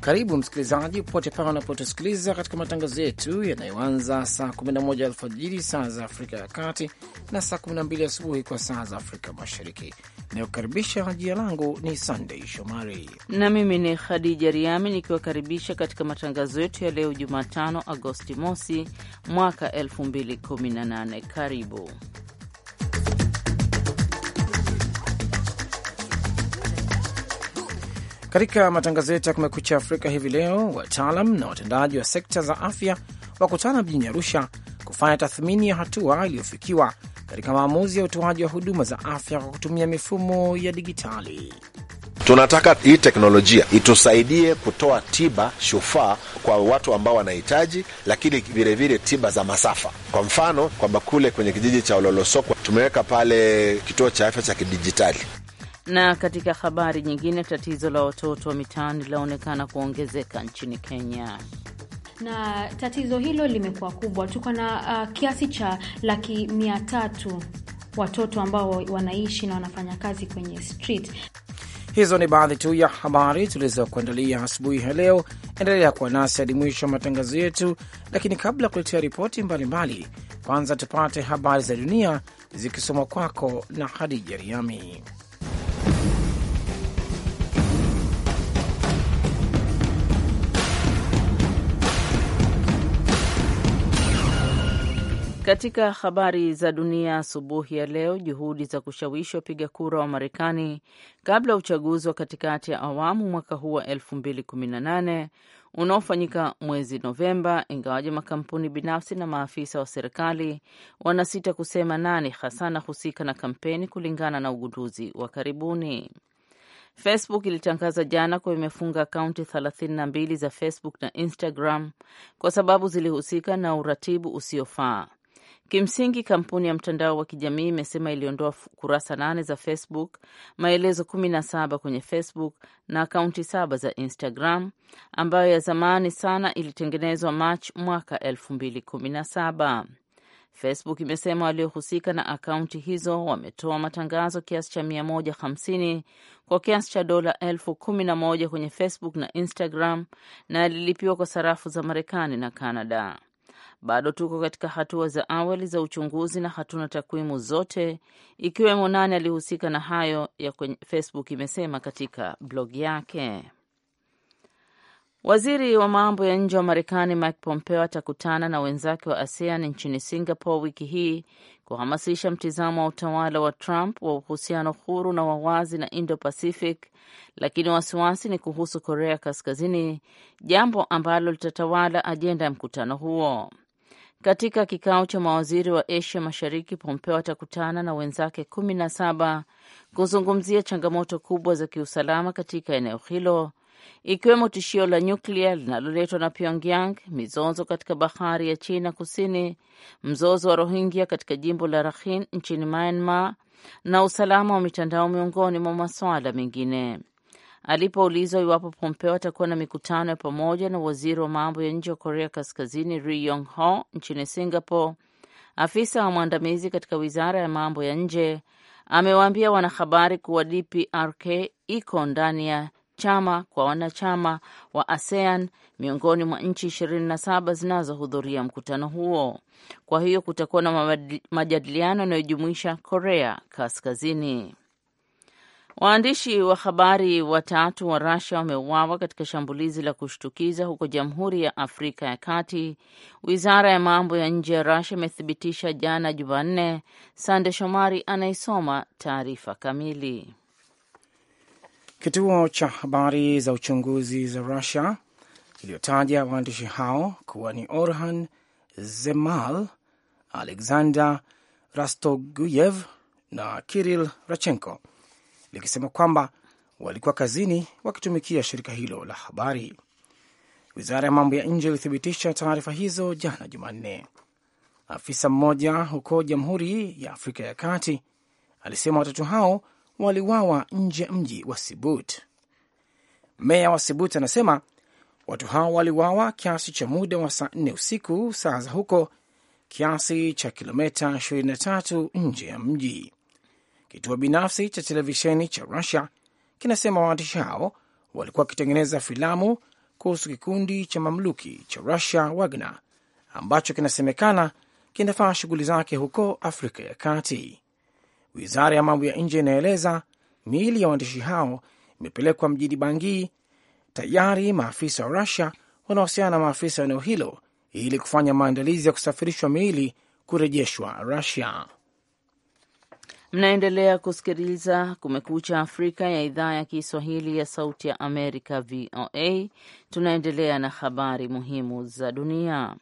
Karibu msikilizaji, popote pale unapotusikiliza katika matangazo yetu yanayoanza saa 11 alfajiri saa za Afrika ya Kati na saa 12 asubuhi kwa saa za Afrika Mashariki. Inayokaribisha, jina langu ni Sandei Shomari na mimi ni Khadija Riami nikiwakaribisha katika matangazo yetu ya leo Jumatano Agosti mosi mwaka 2018. Karibu Katika matangazo yetu ya Kumekucha Afrika hivi leo, wataalam na watendaji wa sekta za afya wakutana mjini Arusha kufanya tathmini ya hatua iliyofikiwa katika maamuzi ya utoaji wa huduma za afya kwa kutumia mifumo ya digitali. Tunataka hii teknolojia itusaidie kutoa tiba shufaa kwa watu ambao wanahitaji, lakini vilevile tiba za masafa. Kwa mfano kwamba kule kwenye kijiji cha Ololosokwa tumeweka pale kituo cha afya cha kidijitali na katika habari nyingine, tatizo la watoto wa mitaani linaonekana kuongezeka nchini Kenya na tatizo hilo limekuwa kubwa. Tuko na uh, kiasi cha laki mia tatu watoto ambao wanaishi na wanafanya kazi kwenye street. Hizo ni baadhi tu ya habari tulizokuandalia asubuhi ya leo. Endelea kuwa nasi hadi mwisho wa matangazo yetu, lakini kabla ya kuletea ripoti mbalimbali, kwanza tupate habari za dunia zikisomwa kwako na Hadija Riami. Katika habari za dunia asubuhi ya leo, juhudi za kushawishi wapiga kura wa Marekani kabla ya uchaguzi wa katikati ya awamu mwaka huu wa 2018 unaofanyika mwezi Novemba, ingawaje makampuni binafsi na maafisa wa serikali wanasita kusema nani hasa anahusika na kampeni, kulingana na ugunduzi wa karibuni. Facebook ilitangaza jana kuwa imefunga akaunti 32 za Facebook na Instagram kwa sababu zilihusika na uratibu usiofaa. Kimsingi, kampuni ya mtandao wa kijamii imesema iliondoa kurasa nane za Facebook, maelezo kumi na saba kwenye Facebook na akaunti saba za Instagram, ambayo ya zamani sana ilitengenezwa Machi mwaka elfu mbili kumi na saba. Facebook imesema waliohusika na akaunti hizo wametoa matangazo kiasi cha 150 kwa kiasi cha dola elfu kumi na moja kwenye Facebook na Instagram na yalilipiwa kwa sarafu za Marekani na Canada. Bado tuko katika hatua za awali za uchunguzi na hatuna takwimu zote, ikiwemo nani alihusika na hayo ya kwenye Facebook, imesema katika blog yake. Waziri wa mambo ya nje wa Marekani Mike Pompeo atakutana na wenzake wa ASEAN nchini Singapore wiki hii kuhamasisha mtizamo wa utawala wa Trump wa uhusiano huru na wawazi na Indo Pacific, lakini wasiwasi ni kuhusu Korea Kaskazini, jambo ambalo litatawala ajenda ya mkutano huo. Katika kikao cha mawaziri wa Asia Mashariki, Pompeo atakutana na wenzake kumi na saba kuzungumzia changamoto kubwa za kiusalama katika eneo hilo ikiwemo tishio la nyuklia linaloletwa na Pyongyang, mizozo katika bahari ya China Kusini, mzozo wa Rohingya katika jimbo la Rakhine nchini Myanmar na usalama wa mitandao miongoni mwa masuala mengine alipoulizwa iwapo Pompeo atakuwa na mikutano ya pamoja na waziri wa mambo ya nje wa Korea Kaskazini Ri Yong Ho nchini Singapore, afisa wa mwandamizi katika wizara ya mambo ya nje amewaambia wanahabari kuwa DPRK iko ndani ya chama kwa wanachama wa ASEAN miongoni mwa nchi 27 zinazohudhuria mkutano huo. Kwa hiyo kutakuwa na majadiliano yanayojumuisha Korea Kaskazini. Waandishi wa habari watatu wa rasia wameuawa katika shambulizi la kushtukiza huko Jamhuri ya Afrika ya Kati. Wizara ya mambo ya nje ya rasia imethibitisha jana Jumanne. Sande Shomari anayesoma taarifa kamili. Kituo cha habari za uchunguzi za rasia iliyotaja waandishi hao kuwa ni Orhan Zemal, Alexander Rastoguyev na Kiril Rachenko likisema kwamba walikuwa kazini wakitumikia shirika hilo la habari. Wizara ya mambo ya nje ilithibitisha taarifa hizo jana Jumanne. Afisa mmoja huko Jamhuri ya Afrika ya Kati alisema watatu hao waliwawa nje ya mji wa Sibut. Meya wa Sibut anasema watu hao waliwawa kiasi cha muda wa saa nne usiku saa za huko, kiasi cha kilometa 23 nje ya mji. Kituo binafsi cha televisheni cha Rusia kinasema waandishi hao walikuwa wakitengeneza filamu kuhusu kikundi cha mamluki cha Russia Wagner ambacho kinasemekana kinafanya shughuli zake huko Afrika ya Kati. Wizara ya mambo ya nje inaeleza miili ya waandishi hao imepelekwa mjini Bangui. Tayari maafisa wa Rusia wanahusiana na maafisa wa eneo hilo ili kufanya maandalizi ya kusafirishwa miili kurejeshwa Rusia. Mnaendelea kusikiliza Kumekucha Afrika ya idhaa ya Kiswahili ya Sauti ya Amerika, VOA. Tunaendelea na habari muhimu za dunia.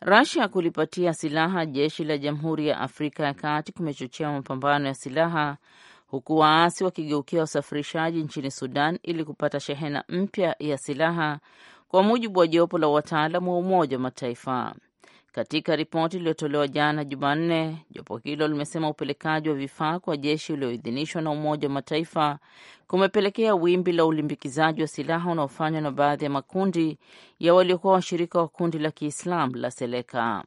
Rasia kulipatia silaha jeshi la Jamhuri ya Afrika ya Kati kumechochea mapambano ya silaha huku waasi wakigeukia usafirishaji nchini Sudan ili kupata shehena mpya ya silaha, kwa mujibu wa jopo la wataalam wa Umoja wa Mataifa. Katika ripoti iliyotolewa jana Jumanne, jopo hilo limesema upelekaji wa vifaa kwa jeshi ulioidhinishwa na Umoja wa Mataifa kumepelekea wimbi la ulimbikizaji wa silaha unaofanywa na baadhi ya makundi ya waliokuwa washirika wa kundi la Kiislamu la Seleka.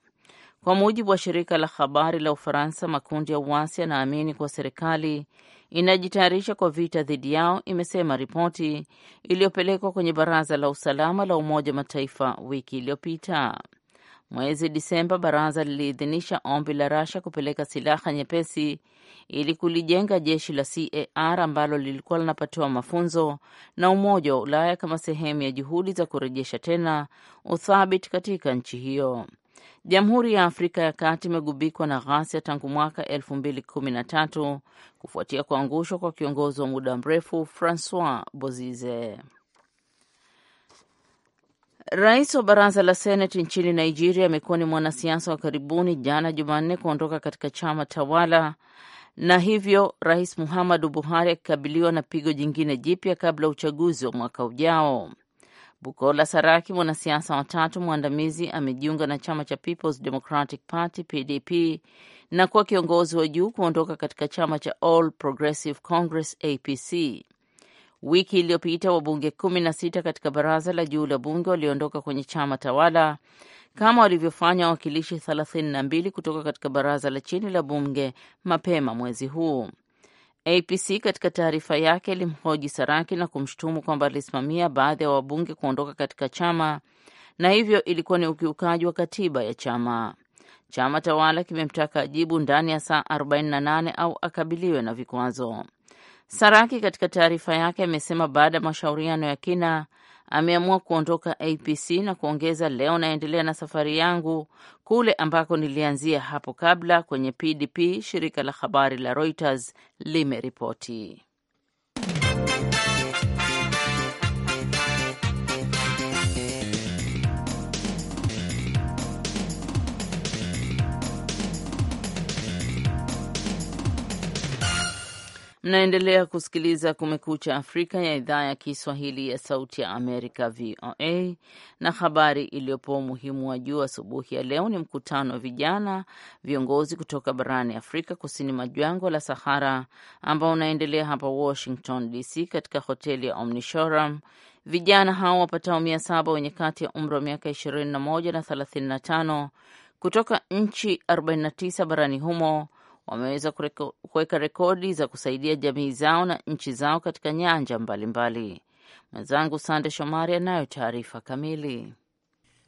Kwa mujibu wa shirika la habari la Ufaransa, makundi ya uasi yanaamini kuwa serikali inajitayarisha kwa vita dhidi yao, imesema ripoti iliyopelekwa kwenye Baraza la Usalama la Umoja wa Mataifa wiki iliyopita. Mwezi Disemba, baraza liliidhinisha ombi la Rasha kupeleka silaha nyepesi ili kulijenga jeshi la CAR ambalo lilikuwa linapatiwa mafunzo na Umoja wa Ulaya kama sehemu ya juhudi za kurejesha tena uthabiti katika nchi hiyo. Jamhuri ya Afrika ya Kati imegubikwa na ghasia tangu mwaka elfu mbili kumi na tatu kufuatia kuangushwa kwa kiongozi wa muda mrefu Francois Bozize. Rais wa baraza la seneti nchini Nigeria amekuwa ni mwanasiasa wa karibuni, jana Jumanne, kuondoka katika chama tawala na hivyo Rais Muhammadu Buhari akikabiliwa na pigo jingine jipya kabla ya uchaguzi wa mwaka ujao. Bukola Saraki, mwanasiasa watatu mwandamizi, amejiunga na chama cha Peoples Democratic Party PDP na kuwa kiongozi wa juu kuondoka katika chama cha All Progressive Congress APC. Wiki iliyopita wabunge kumi na sita katika baraza la juu la bunge waliondoka kwenye chama tawala kama walivyofanya wawakilishi thelathini na mbili kutoka katika baraza la chini la bunge mapema mwezi huu. APC katika taarifa yake ilimhoji Saraki na kumshutumu kwamba alisimamia baadhi ya wabunge kuondoka katika chama na hivyo ilikuwa ni ukiukaji wa katiba ya chama. Chama tawala kimemtaka ajibu ndani ya saa 48 au akabiliwe na vikwazo. Saraki katika taarifa yake amesema baada ya mashauriano ya kina ameamua kuondoka APC na kuongeza, leo naendelea na safari yangu kule ambako nilianzia hapo kabla kwenye PDP, shirika la habari la Reuters limeripoti. Mnaendelea kusikiliza Kumekucha Afrika ya idhaa ya Kiswahili ya Sauti ya Amerika, VOA. Na habari iliyopewa umuhimu wa juu asubuhi ya leo ni mkutano wa vijana viongozi kutoka barani Afrika kusini mwa jangwa la Sahara, ambao unaendelea hapa Washington DC, katika hoteli ya Omnishoram. Vijana hao wapatao mia saba wenye kati ya umri wa miaka 21 na 35 kutoka nchi 49 barani humo wameweza kuweka rekodi za kusaidia jamii zao na nchi zao katika nyanja mbalimbali. Mwenzangu Sande Shomari anayo taarifa kamili.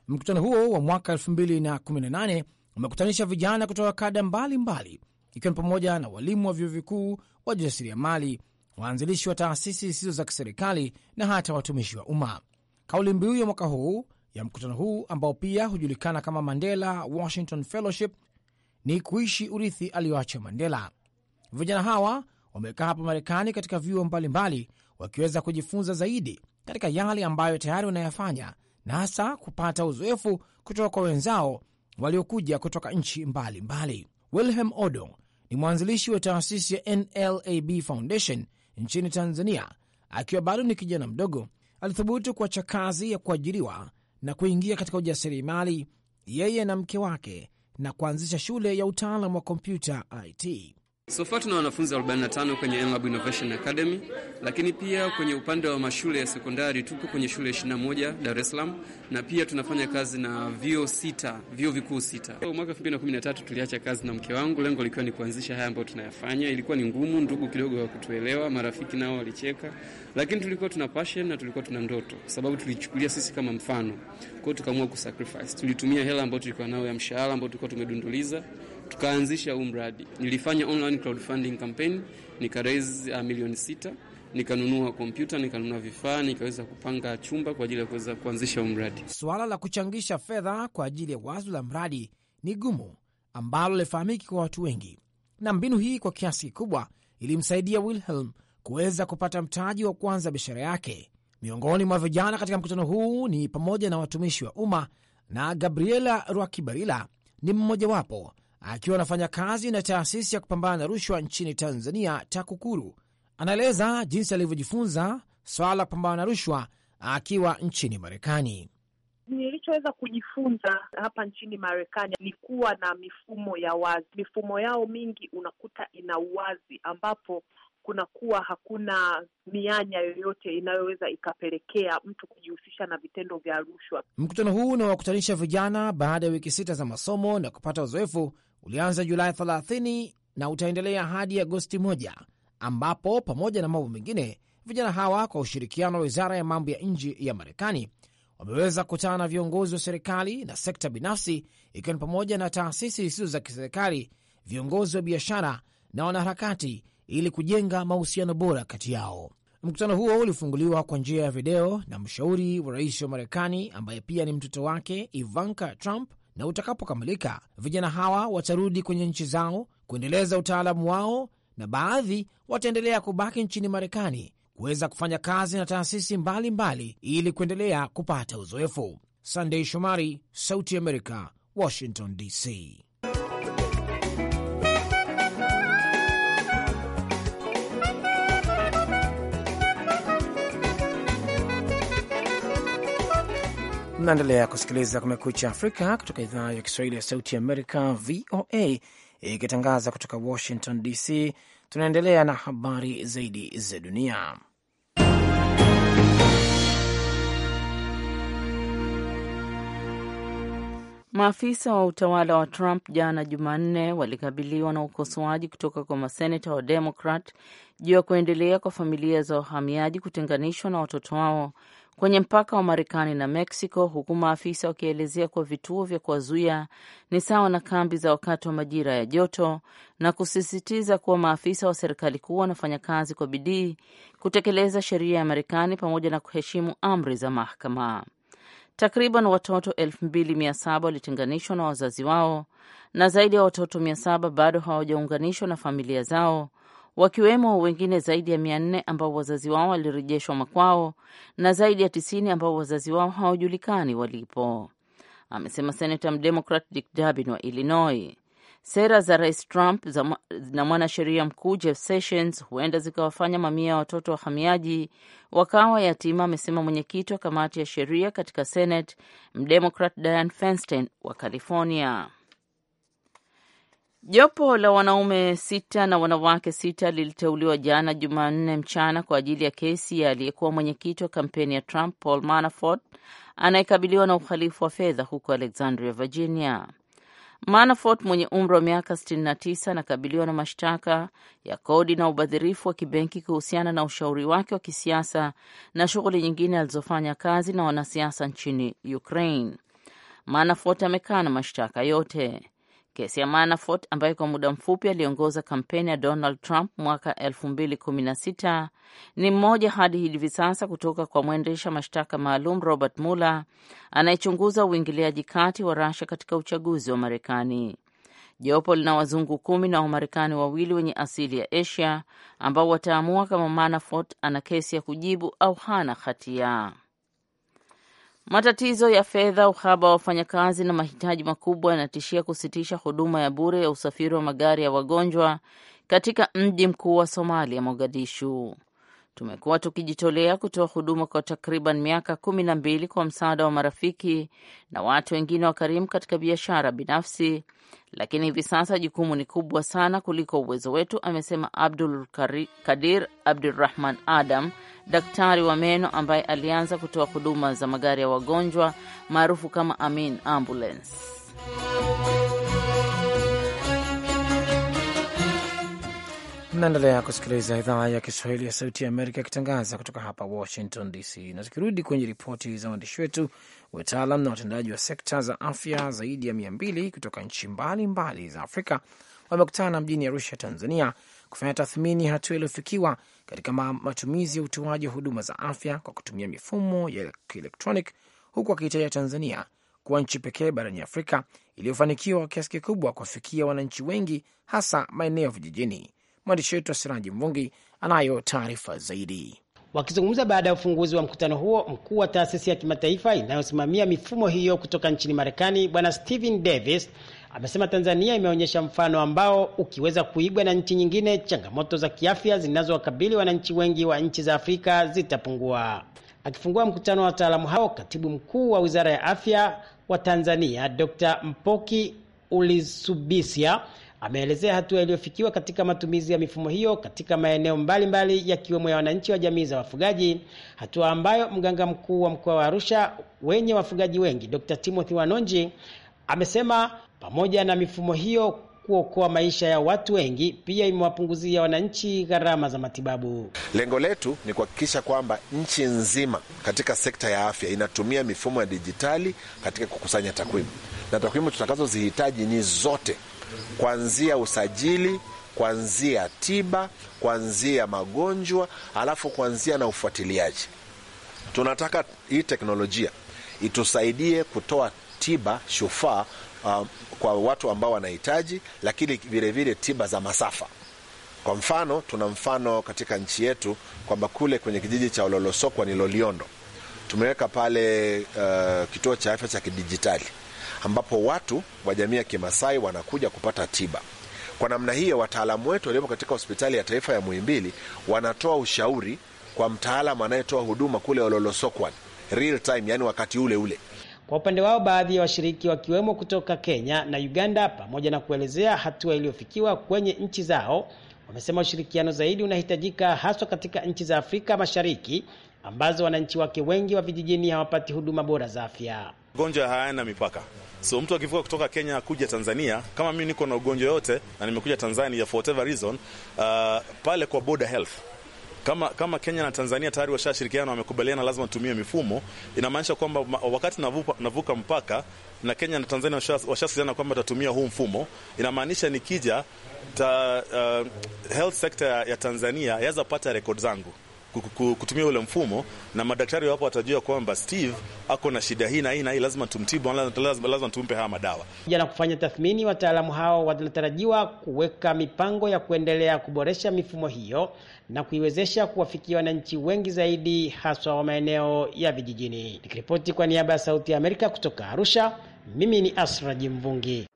Mkutano huo wa mwaka 2018 umekutanisha vijana kutoka kada mbalimbali, ikiwa ni pamoja na walimu wa vyuo vikuu, wajasiriamali, waanzilishi wa taasisi zisizo za kiserikali na hata watumishi wa umma. Kauli mbiu ya mwaka huu ya mkutano huu ambao pia hujulikana kama Mandela Washington Fellowship ni kuishi urithi aliyoacha Mandela. Vijana hawa wamekaa hapa Marekani katika vyuo mbalimbali, wakiweza kujifunza zaidi katika yale ambayo tayari wanayafanya na hasa kupata uzoefu kutoka kwa wenzao waliokuja kutoka nchi mbalimbali. Wilhelm Odo ni mwanzilishi wa taasisi ya NLAB Foundation nchini Tanzania. Akiwa bado ni kijana mdogo, alithubutu kuacha kazi ya kuajiriwa na kuingia katika ujasiriamali, yeye na mke wake na kuanzisha shule ya utaalam wa kompyuta IT sofa tuna wanafunzi 45 kwenye Enlab Innovation Academy, lakini pia kwenye upande wa mashule ya sekondari tupo kwenye shule 21 Dar es Salaam, na pia tunafanya kazi na vyuo sita, vyuo vikuu sita. Mwaka 2013 tuliacha kazi na mke wangu, lengo likiwa ni kuanzisha haya ambayo tunayafanya. Ilikuwa ni ngumu, ndugu kidogo wa kutuelewa, marafiki nao walicheka, lakini tulikuwa tuna passion na tulikuwa tuna ndoto, kwa sababu tulichukulia sisi kama mfano. kwao, tukaamua kusacrifice, tulitumia hela ambayo tulikuwa nayo ya mshahara ambao tulikuwa tumedunduliza tukaanzisha huu mradi. Nilifanya online crowdfunding campaign, nika raise uh, milioni sita, nikanunua kompyuta, nikanunua vifaa, nikaweza kupanga chumba kwa ajili ya kuweza kuanzisha huu mradi. Suala la kuchangisha fedha kwa ajili ya wazo la mradi ni gumu, ambalo lifahamiki kwa watu wengi, na mbinu hii kwa kiasi kikubwa ilimsaidia Wilhelm kuweza kupata mtaji wa kuanza biashara yake. Miongoni mwa vijana katika mkutano huu ni pamoja na watumishi wa umma na Gabriela Rwakibarila ni mmojawapo akiwa anafanya kazi na taasisi ya kupambana na rushwa nchini Tanzania, TAKUKURU. Anaeleza jinsi alivyojifunza swala la kupambana na rushwa akiwa nchini Marekani. Nilichoweza kujifunza hapa nchini Marekani ni kuwa na mifumo ya wazi. Mifumo yao mingi unakuta ina uwazi, ambapo kunakuwa hakuna mianya yoyote inayoweza ikapelekea mtu kujihusisha na vitendo vya rushwa. Mkutano huu unawakutanisha vijana baada ya wiki sita za masomo na kupata uzoefu ulianza Julai 30 na utaendelea hadi Agosti moja, ambapo pamoja na mambo mengine vijana hawa kwa ushirikiano wa wizara ya mambo ya nje ya Marekani wameweza kukutana na viongozi wa serikali na sekta binafsi, ikiwa ni pamoja na taasisi zisizo za kiserikali, viongozi wa biashara na wanaharakati ili kujenga mahusiano bora kati yao. Mkutano huo ulifunguliwa kwa njia ya video na mshauri wa rais wa Marekani ambaye pia ni mtoto wake Ivanka Trump, na utakapokamilika vijana hawa watarudi kwenye nchi zao kuendeleza utaalamu wao, na baadhi wataendelea kubaki nchini Marekani kuweza kufanya kazi na taasisi mbalimbali mbali ili kuendelea kupata uzoefu. Sandei Shomari, Sauti ya Amerika, Washington DC. Mnaendelea kusikiliza Kumekucha Afrika kutoka idhaa ya Kiswahili ya Sauti ya Amerika, VOA, ikitangaza kutoka Washington DC. Tunaendelea na habari zaidi za dunia. Maafisa wa utawala wa Trump jana Jumanne walikabiliwa na ukosoaji kutoka kwa maseneta wa Demokrat juu ya kuendelea kwa familia za wahamiaji kutenganishwa na watoto wao kwenye mpaka wa Marekani na Meksiko, huku maafisa wakielezea kuwa vituo vya kuwazuia ni sawa na kambi za wakati wa majira ya joto, na kusisitiza kuwa maafisa wa serikali kuu wanafanya kazi kwa bidii kutekeleza sheria ya Marekani pamoja na kuheshimu amri za mahakama. Takriban watoto 2700 walitenganishwa na wazazi wao na zaidi ya watoto 700 bado hawajaunganishwa na familia zao wakiwemo wengine zaidi ya mia nne ambao wazazi wao walirejeshwa makwao na zaidi ya tisini ambao wazazi wao hawajulikani walipo, amesema senata mdemokrat Dick Durbin wa Illinois. Sera za Rais Trump za na mwanasheria mkuu Jeff Sessions huenda zikawafanya mamia ya watoto wahamiaji wakawa yatima, amesema mwenyekiti wa kamati ya sheria katika Senate mdemokrat Dianne Feinstein wa California. Jopo la wanaume sita na wanawake sita liliteuliwa jana Jumanne mchana kwa ajili ya kesi ya aliyekuwa mwenyekiti wa kampeni ya Trump Paul Manafort anayekabiliwa na uhalifu wa fedha huko Alexandria, Virginia. Manafort mwenye umri wa miaka 69 anakabiliwa na mashtaka ya kodi na ubadhirifu wa kibenki kuhusiana na ushauri wake wa kisiasa na shughuli nyingine alizofanya kazi na wanasiasa nchini Ukraine. Manafort amekaa na mashtaka yote. Kesi ya Manafort ambaye kwa muda mfupi aliongoza kampeni ya Donald Trump mwaka elfu mbili kumi na sita ni mmoja hadi hivi sasa kutoka kwa mwendesha mashtaka maalum Robert Mueller anayechunguza uingiliaji kati wa Russia katika uchaguzi wa Marekani. Jopo lina wazungu kumi na Wamarekani wawili wenye asili ya Asia ambao wataamua kama Manafort ana kesi ya kujibu au hana hatia. Matatizo ya fedha, uhaba wa wafanyakazi na mahitaji makubwa yanatishia kusitisha huduma ya bure ya usafiri wa magari ya wagonjwa katika mji mkuu wa Somalia, Mogadishu. Tumekuwa tukijitolea kutoa huduma kwa takriban miaka kumi na mbili kwa msaada wa marafiki na watu wengine wa karimu katika biashara binafsi, lakini hivi sasa jukumu ni kubwa sana kuliko uwezo wetu, amesema Abdul Kadir Abdurrahman Adam, daktari wa meno ambaye alianza kutoa huduma za magari ya wagonjwa maarufu kama Amin Ambulance. Mnaendelea kusikiliza idhaa ya Kiswahili ya Sauti ya Amerika ikitangaza kutoka hapa Washington DC. Na tukirudi kwenye ripoti za waandishi wetu, wataalam na watendaji wa sekta za afya zaidi ya mia mbili kutoka nchi mbalimbali za Afrika wamekutana mjini Arusha, Tanzania, kufanya tathmini hatua iliyofikiwa katika matumizi ya utoaji wa huduma za afya kwa kutumia mifumo ya kielektronic, huku akiitaja Tanzania kuwa nchi pekee barani Afrika iliyofanikiwa kwa kiasi kikubwa kuwafikia wananchi wengi, hasa maeneo vijijini. Mwandishi wetu Asiraji Mvungi anayo taarifa zaidi. Wakizungumza baada ya ufunguzi wa mkutano huo, mkuu wa taasisi ya kimataifa inayosimamia mifumo hiyo kutoka nchini Marekani, Bwana Stephen Davis amesema Tanzania imeonyesha mfano ambao ukiweza kuigwa na nchi nyingine, changamoto za kiafya zinazowakabili wananchi wengi wa nchi za Afrika zitapungua. Akifungua mkutano wa wataalamu hao, katibu mkuu wa wizara ya afya wa Tanzania Dr. Mpoki Ulisubisia Ameelezea hatua iliyofikiwa katika matumizi ya mifumo hiyo katika maeneo mbalimbali yakiwemo ya wananchi wa jamii za wafugaji, hatua ambayo mganga mkuu wa mkoa wa Arusha wenye wafugaji wengi Dr. Timothy Wanonji amesema pamoja na mifumo hiyo kuokoa maisha ya watu wengi, pia imewapunguzia wananchi gharama za matibabu. Lengo letu ni kuhakikisha kwamba nchi nzima katika sekta ya afya inatumia mifumo ya dijitali katika kukusanya takwimu, na takwimu tutakazozihitaji ni zote kuanzia usajili, kuanzia tiba, kuanzia magonjwa, alafu kuanzia na ufuatiliaji. Tunataka hii teknolojia itusaidie kutoa tiba shufaa uh, kwa watu ambao wanahitaji, lakini vilevile tiba za masafa. Kwa mfano, tuna mfano katika nchi yetu kwamba kule kwenye kijiji cha Ololosokwa ni Loliondo tumeweka pale uh, kituo cha afya cha kidijitali ambapo watu wa jamii ya Kimasai wanakuja kupata tiba. Kwa namna hiyo, wataalamu wetu waliopo katika hospitali ya taifa ya Muhimbili wanatoa ushauri kwa mtaalamu anayetoa huduma kule Ololosokwan real time, yani wakati ule ule. Kwa upande wao, baadhi ya washiriki wakiwemo kutoka Kenya na Uganda, pamoja na kuelezea hatua iliyofikiwa kwenye nchi zao, wamesema ushirikiano zaidi unahitajika haswa katika nchi za Afrika Mashariki ambazo wananchi wake wengi wa vijijini hawapati huduma bora za afya. Gonjwa hayana mipaka. So mtu akivuka kutoka Kenya kuja Tanzania, kama mimi niko na ugonjwa yote na nimekuja Tanzania for whatever reason, uh, pale kwa border health kama, kama Kenya na Tanzania tayari washashirikiana wamekubaliana, lazima tumie mifumo. Inamaanisha kwamba wakati navuka, navuka mpaka na Kenya na Tanzania washasiliana kwamba tatumia huu mfumo. Inamaanisha nikija ta, uh, health sector ya Tanzania yaweza pata rekodi zangu kutumia ule mfumo, na madaktari wapo watajua kwamba Steve ako na shida hii na hii na hii, lazima tumtibu, lazima, lazima tumpe haya madawa. Jana kufanya tathmini, wataalamu hao wanatarajiwa kuweka mipango ya kuendelea kuboresha mifumo hiyo na kuiwezesha kuwafikia wananchi wengi zaidi, haswa wa maeneo ya vijijini. Nikiripoti kwa niaba ya Sauti ya Amerika kutoka Arusha, mimi ni Asra mvungi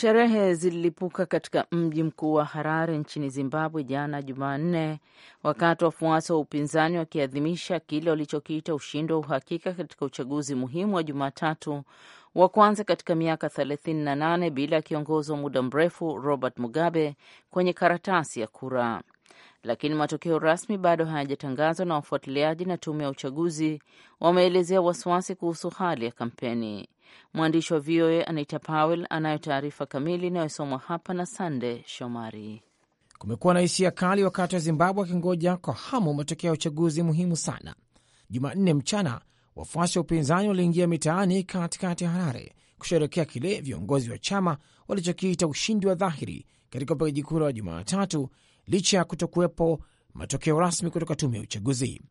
Sherehe zililipuka katika mji mkuu wa Harare nchini Zimbabwe jana Jumanne, wakati wafuasi wa upinzani wakiadhimisha kile walichokiita ushindi wa uhakika katika uchaguzi muhimu wa Jumatatu wa kwanza katika miaka 38 bila ya kiongozi wa muda mrefu Robert Mugabe kwenye karatasi ya kura lakini matokeo rasmi bado hayajatangazwa na wafuatiliaji na tume ya uchaguzi wameelezea wasiwasi kuhusu hali ya kampeni. Mwandishi wa VOA Anita Powell anayo taarifa kamili inayosomwa hapa na Sande Shomari. Kumekuwa na hisia kali wakati wa Zimbabwe wakingoja kwa hamu matokeo ya uchaguzi muhimu sana. Jumanne mchana wafuasi wa upinzani waliingia mitaani katikati ya Harare kusherekea kile viongozi wa chama walichokiita ushindi wa dhahiri katika upigaji kura wa Jumatatu licha ya kutokuwepo matokeo rasmi kutoka tume ya uchaguzi.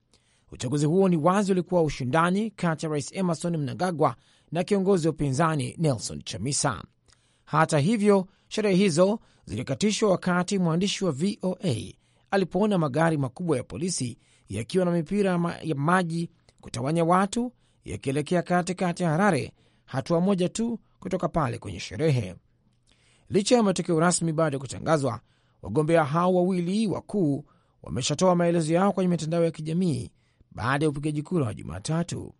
Uchaguzi huo ni wazi ulikuwa ushindani kati ya rais Emerson Mnangagwa na kiongozi wa upinzani Nelson Chamisa. Hata hivyo, sherehe hizo zilikatishwa wakati mwandishi wa VOA alipoona magari makubwa ya polisi yakiwa na mipira ya maji kutawanya watu yakielekea katikati ya Harare, hatua moja tu kutoka pale kwenye sherehe. Licha ya matokeo rasmi bado ya kutangazwa, Wagombea hao wawili wakuu wameshatoa maelezo yao kwenye mitandao ya kijamii baada ya upigaji kura wa Jumatatu.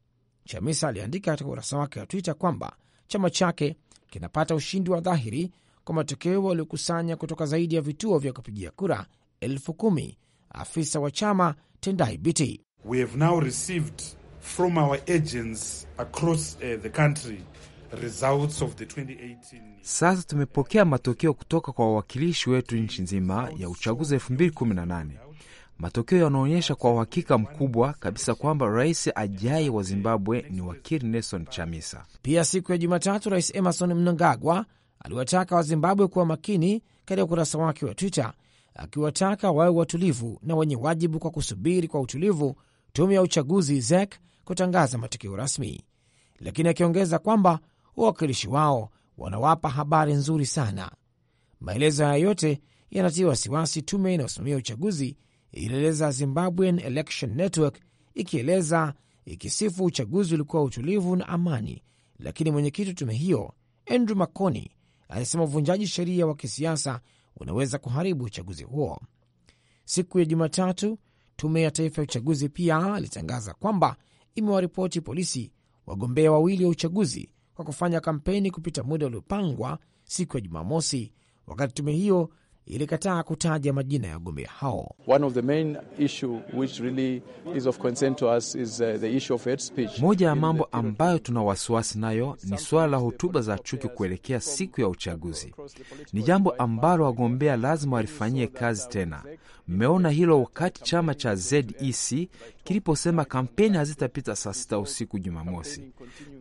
Chamisa aliandika katika ukurasa wake wa Twitter kwamba chama chake kinapata ushindi wa dhahiri kwa matokeo waliokusanya kutoka zaidi ya vituo vya kupigia kura elfu kumi. Afisa wa chama Tendai Biti sasa tumepokea matokeo kutoka kwa wawakilishi wetu nchi nzima ya uchaguzi 2018. Matokeo yanaonyesha kwa uhakika mkubwa kabisa kwamba rais ajaye wa Zimbabwe ni wakili Nelson Chamisa. Pia siku ya Jumatatu, Rais Emerson Mnangagwa aliwataka Wazimbabwe kuwa makini katika ukurasa wake wa Twitter, akiwataka wawe watulivu na wenye wajibu kwa kusubiri kwa utulivu tume ya uchaguzi ZEC kutangaza matokeo rasmi, lakini akiongeza kwamba wawakilishi wao wanawapa habari nzuri sana. Maelezo haya yote yanatia wasiwasi tume inayosimamia uchaguzi ilieleza Zimbabwean Election Network, ikieleza ikisifu uchaguzi ulikuwa utulivu na amani, lakini mwenyekiti wa tume hiyo Andrew Maconi alisema uvunjaji sheria wa kisiasa unaweza kuharibu uchaguzi huo. Siku ya Jumatatu, tume ya taifa ya uchaguzi pia ilitangaza kwamba imewaripoti polisi wagombea wawili wa uchaguzi kwa kufanya kampeni kupita muda uliopangwa siku ya Jumamosi, wakati tume hiyo ilikataa kutaja majina ya wagombea hao. Really moja ya mambo ambayo tuna wasiwasi nayo ni suala la hotuba za chuki kuelekea siku ya uchaguzi. Ni jambo ambalo wagombea lazima walifanyie kazi tena. Mmeona hilo wakati chama cha ZEC kiliposema kampeni hazitapita saa sita usiku Jumamosi.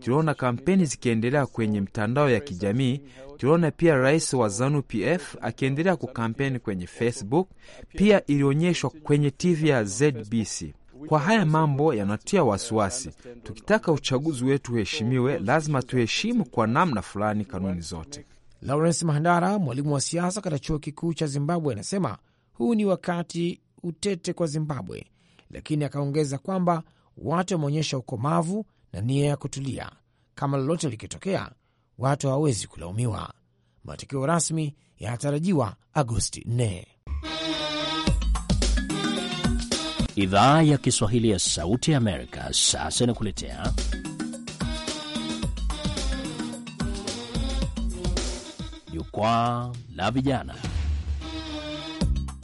Tuliona kampeni zikiendelea kwenye mtandao ya kijamii. Tuliona pia rais wa ZANU PF akiendelea kukampeni kwenye Facebook, pia ilionyeshwa kwenye TV ya ZBC. Kwa haya mambo yanatia wasiwasi. Tukitaka uchaguzi wetu uheshimiwe, lazima tuheshimu kwa namna fulani kanuni zote. Lawrence Mahandara, mwalimu wa siasa katika chuo kikuu cha Zimbabwe, anasema huu ni wakati utete kwa Zimbabwe lakini akaongeza kwamba watu wameonyesha ukomavu na nia ya kutulia. Kama lolote likitokea, watu hawawezi kulaumiwa. Matokeo rasmi yanatarajiwa Agosti 4. Idhaa ya Kiswahili ya Sauti ya Amerika sasa inakuletea jukwaa la vijana.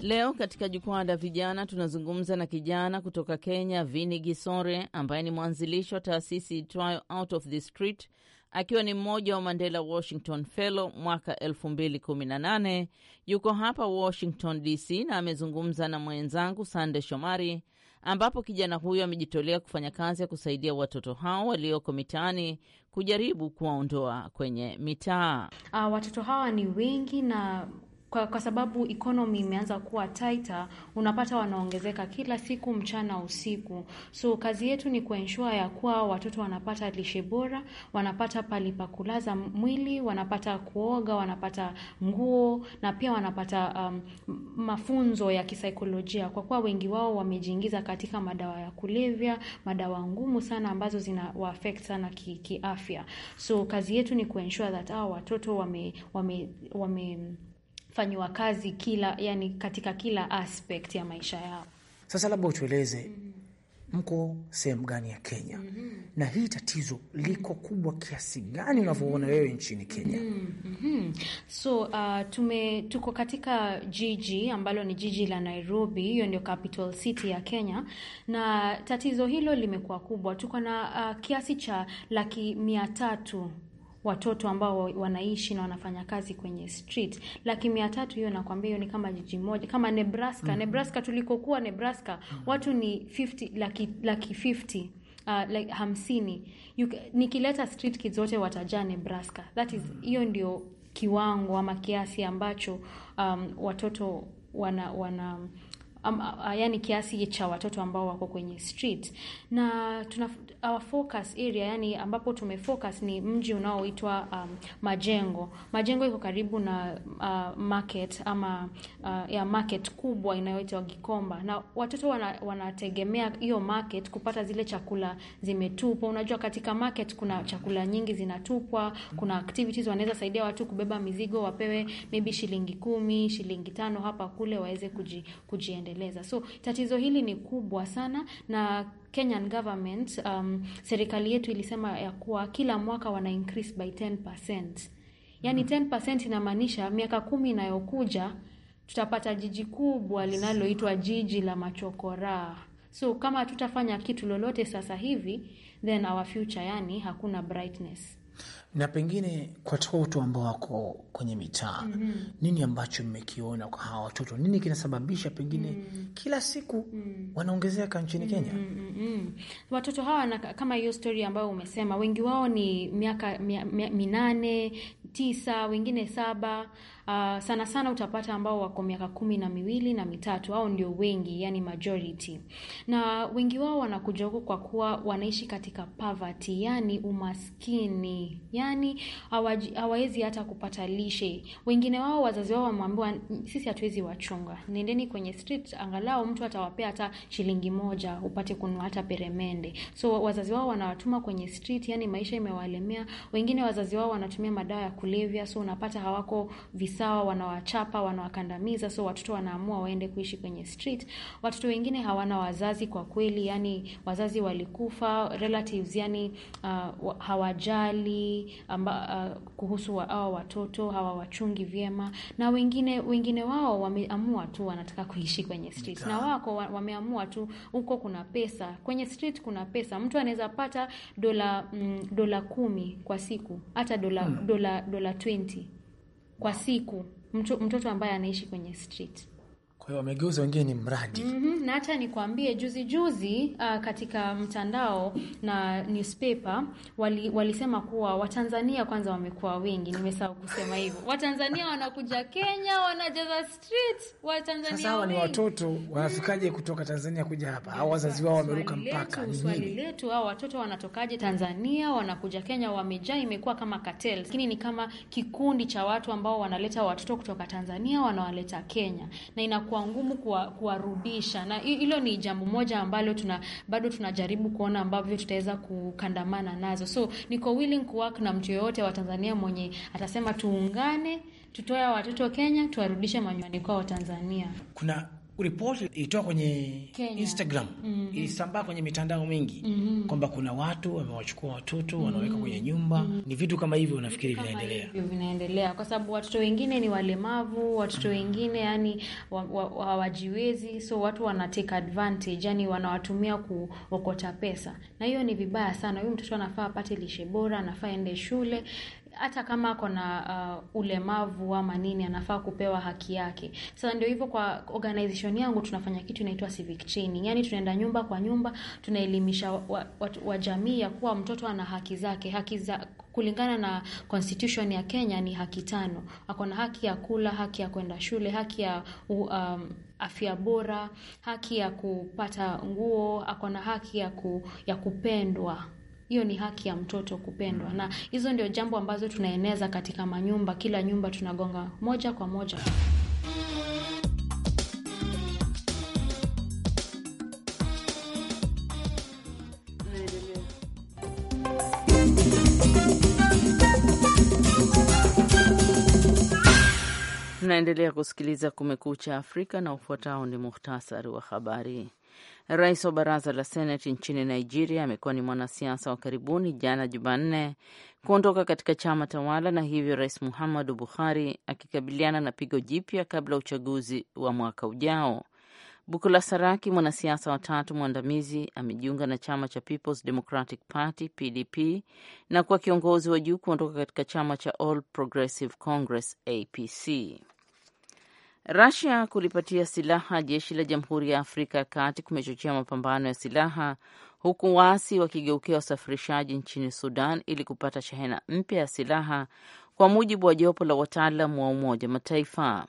Leo katika jukwaa la vijana tunazungumza na kijana kutoka Kenya, Vini Gisore, ambaye ni mwanzilishi wa taasisi itwayo Out of the Street, akiwa ni mmoja wa Mandela Washington Fellow mwaka 2018. Yuko hapa Washington DC na amezungumza na mwenzangu Sande Shomari, ambapo kijana huyo amejitolea kufanya kazi ya kusaidia watoto hao walioko mitaani kujaribu kuwaondoa kwenye mitaa. Uh, watoto hawa ni wengi na kwa, kwa sababu economy imeanza kuwa tighter, unapata wanaongezeka kila siku mchana usiku. So kazi yetu ni kuensure ya kuwa watoto wanapata lishe bora, wanapata pali pa kulaza mwili, wanapata kuoga, wanapata nguo na pia wanapata um, mafunzo ya kisaikolojia, kwa kuwa wengi wao wamejiingiza katika madawa ya kulevya, madawa ngumu sana ambazo zina wa sana kiafya ki so kazi yetu ni kuensure that hao watoto wame, wame, wame fanyiwa kazi kila, yani katika kila aspect ya maisha yao. Sasa labda utueleze mm -hmm. mko sehemu gani ya Kenya mm -hmm. na hii tatizo liko kubwa kiasi gani unavyoona mm-hmm. wewe nchini Kenya? mm -hmm. So uh, tume tuko katika jiji ambalo ni jiji la Nairobi, hiyo ndio capital city ya Kenya, na tatizo hilo limekuwa kubwa. Tuko na uh, kiasi cha laki mia tatu watoto ambao wanaishi na wanafanya kazi kwenye street. Laki mia tatu hiyo nakwambia, hiyo ni kama jiji moja kama Nebraska. mm -hmm. Nebraska tulikokuwa Nebraska, mm -hmm. watu ni 50 laki laki 50 uh, like hamsini. You, nikileta street kids wote watajaa Nebraska. That is mm-hmm. hiyo, mm -hmm. ndio kiwango ama kiasi ambacho um, watoto wana wana Um, uh, uh yani kiasi cha watoto ambao wako kwenye street na tuna, our focus area, yani ambapo tumefocus ni mji unaoitwa um, Majengo. Majengo iko karibu na uh, market ama uh, ya market kubwa inayoitwa Gikomba, na watoto wana, wanategemea hiyo market kupata zile chakula zimetupwa. Unajua, katika market kuna chakula nyingi zinatupwa, kuna activities wanaweza saidia watu kubeba mizigo, wapewe maybe shilingi kumi, shilingi tano hapa kule, waweze kuji, kujiendeleza. So tatizo hili ni kubwa sana na Kenyan government um, serikali yetu ilisema ya kuwa kila mwaka wana increase by 10%. Yaani mm. 10% inamaanisha miaka kumi inayokuja tutapata jiji kubwa linaloitwa jiji la machokora. So kama tutafanya kitu lolote sasa hivi then our future yani hakuna brightness. Na pengine kwa watoto ambao wako kwenye mitaa mm -hmm. nini ambacho mmekiona kwa hawa watoto? Nini kinasababisha pengine mm -hmm. kila siku mm -hmm. wanaongezeka nchini mm -hmm. Kenya? mm -hmm. Watoto hawa na, kama hiyo stori ambayo umesema, wengi wao ni miaka minane tisa, wengine saba. Uh, sana sana utapata ambao wako miaka kumi na miwili na mitatu, au ndio wengi, yani majority, na wengi wao wanakuja huko kwa kuwa wanaishi katika poverty, yani umaskini, yani hawawezi hata kupata lishe. Wengine wao wazazi wao wameambiwa, sisi hatuwezi wachunga, nendeni kwenye street, angalau mtu atawapea hata shilingi moja upate kunua hata peremende. So wazazi wao wanawatuma kwenye street, yani maisha imewalemea. Wengine wazazi wao wanatumia madawa ya kulevya, so unapata hawako visawa, wanawachapa, wanawakandamiza, so watoto wanaamua waende kuishi kwenye street. Watoto wengine hawana wazazi kwa kweli, yani wazazi walikufa, relatives yani uh, hawajali amba, uh, kuhusu wa, awa watoto hawawachungi vyema, na wengine wengine wao wameamua tu wanataka kuishi kwenye street, na wako wameamua tu huko kuna pesa kwenye street, kuna pesa, mtu anaweza pata dola mm, dola kumi kwa siku hata dola, hmm. dola dola 20 kwa siku mtu, mtoto ambaye anaishi kwenye street. Kwa hiyo wamegeuza wengine ni mradi. mm -hmm. Na hata nikwambie juzi juzi, uh, katika mtandao na newspaper wali, walisema kuwa Watanzania kwanza wamekuwa wengi, nimesahau kusema hivyo. Watanzania wanakuja Kenya, wanajaza street. Watanzania sasa hawa ni watoto wanafikaje kutoka Tanzania kuja hapa? Au wazazi wao wameruka mpaka? Ni swali letu, hao watoto wanatokaje Tanzania wanakuja Kenya? Wamejaa, imekuwa kama cartel, lakini ni kama kikundi cha watu ambao wanaleta watoto kutoka Tanzania wanawaleta Kenya na ina inakuwa ngumu kuwarudisha, na hilo ni jambo moja ambalo tuna bado tunajaribu kuona ambavyo tutaweza kukandamana nazo. So niko willing na mtu yoyote wa Tanzania mwenye atasema tuungane, tutoe watoto Kenya, tuwarudishe manyumbani kwao Tanzania. Kuna ripoti ilitoka kwenye Kenya, Instagram mm -hmm. ilisambaa kwenye mitandao mingi mm -hmm. kwamba kuna watu wamewachukua watoto mm -hmm. wanaweka kwenye nyumba mm -hmm. ni vitu kama hivyo, unafikiri vinaendelea hivyo vinaendelea, kwa sababu watoto wengine ni walemavu, watoto mm-hmm. wengine yani hawajiwezi wa, wa, so watu wana take advantage, yani wanawatumia kuokota pesa, na hiyo ni vibaya sana. Huyu mtoto anafaa apate lishe bora, anafaa ende shule hata kama ako na uh, ulemavu ama nini, anafaa kupewa haki yake. Sasa ndio hivyo, kwa organization yangu tunafanya kitu inaitwa civic training, yani tunaenda nyumba kwa nyumba, tunaelimisha wa, wa, wa ya kuwa mtoto ana haki zake, haki za kulingana na constitution ya Kenya ni haki tano. Ako na haki ya kula, haki ya kwenda shule, haki ya um, afya bora, haki ya kupata nguo, ako na haki ya, ku, ya kupendwa hiyo ni haki ya mtoto kupendwa, mm. na hizo ndio jambo ambazo tunaeneza katika manyumba. Kila nyumba tunagonga moja kwa moja. Tunaendelea kusikiliza Kumekucha Afrika na ufuatao ni muhtasari wa habari. Rais wa baraza la seneti nchini Nigeria amekuwa ni mwanasiasa wa karibuni, jana Jumanne, kuondoka katika chama tawala, na hivyo Rais Muhammadu Buhari akikabiliana na pigo jipya kabla ya uchaguzi wa mwaka ujao. Bukola Saraki, mwanasiasa wa tatu mwandamizi, amejiunga na chama cha Peoples Democratic Party PDP na kuwa kiongozi wa juu kuondoka katika chama cha All Progressive Congress APC. Rasia kulipatia silaha jeshi la Jamhuri ya Afrika ya Kati kumechochea mapambano ya silaha huku waasi wakigeukia wasafirishaji nchini Sudan ili kupata shehena mpya ya silaha, kwa mujibu wa jopo la wataalam wa Umoja Mataifa.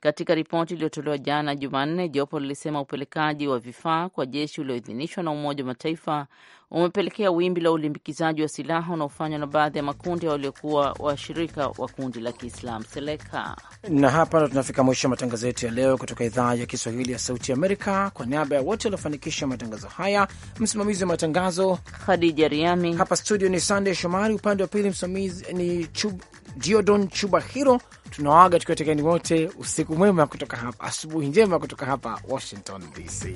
Katika ripoti iliyotolewa jana Jumanne, jopo lilisema upelekaji wa vifaa kwa jeshi ulioidhinishwa na Umoja wa Mataifa umepelekea wimbi la ulimbikizaji wa silaha unaofanywa na baadhi ya makundi ya waliokuwa washirika wa kundi la Kiislam Seleka. Na hapa ndo tunafika mwisho wa matangazo yetu ya leo kutoka idhaa ya Kiswahili ya Sauti Amerika. Kwa niaba ya wote waliofanikisha matangazo haya, msimamizi wa matangazo Khadija Riami, hapa studio ni Sandey Shomari, upande wa pili msimamizi ni Chub Diodon Chubahiro. Tunawaaga tukiwatekani wote usiku mwema kutoka hapa, asubuhi njema kutoka hapa Washington DC.